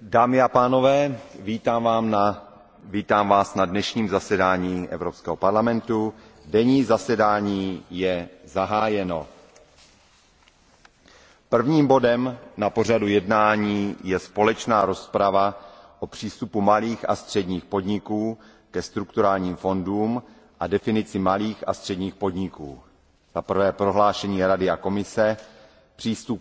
dámy a pánové vítám vás na dnešním zasedání evropského parlamentu. denní zasedání je zahájeno. prvním bodem na pořadu jednání je společná rozprava o přístupu malých a středních podniků ke strukturálním fondům a definici malých a středních podniků za prvé prohlášení rady a komise přístup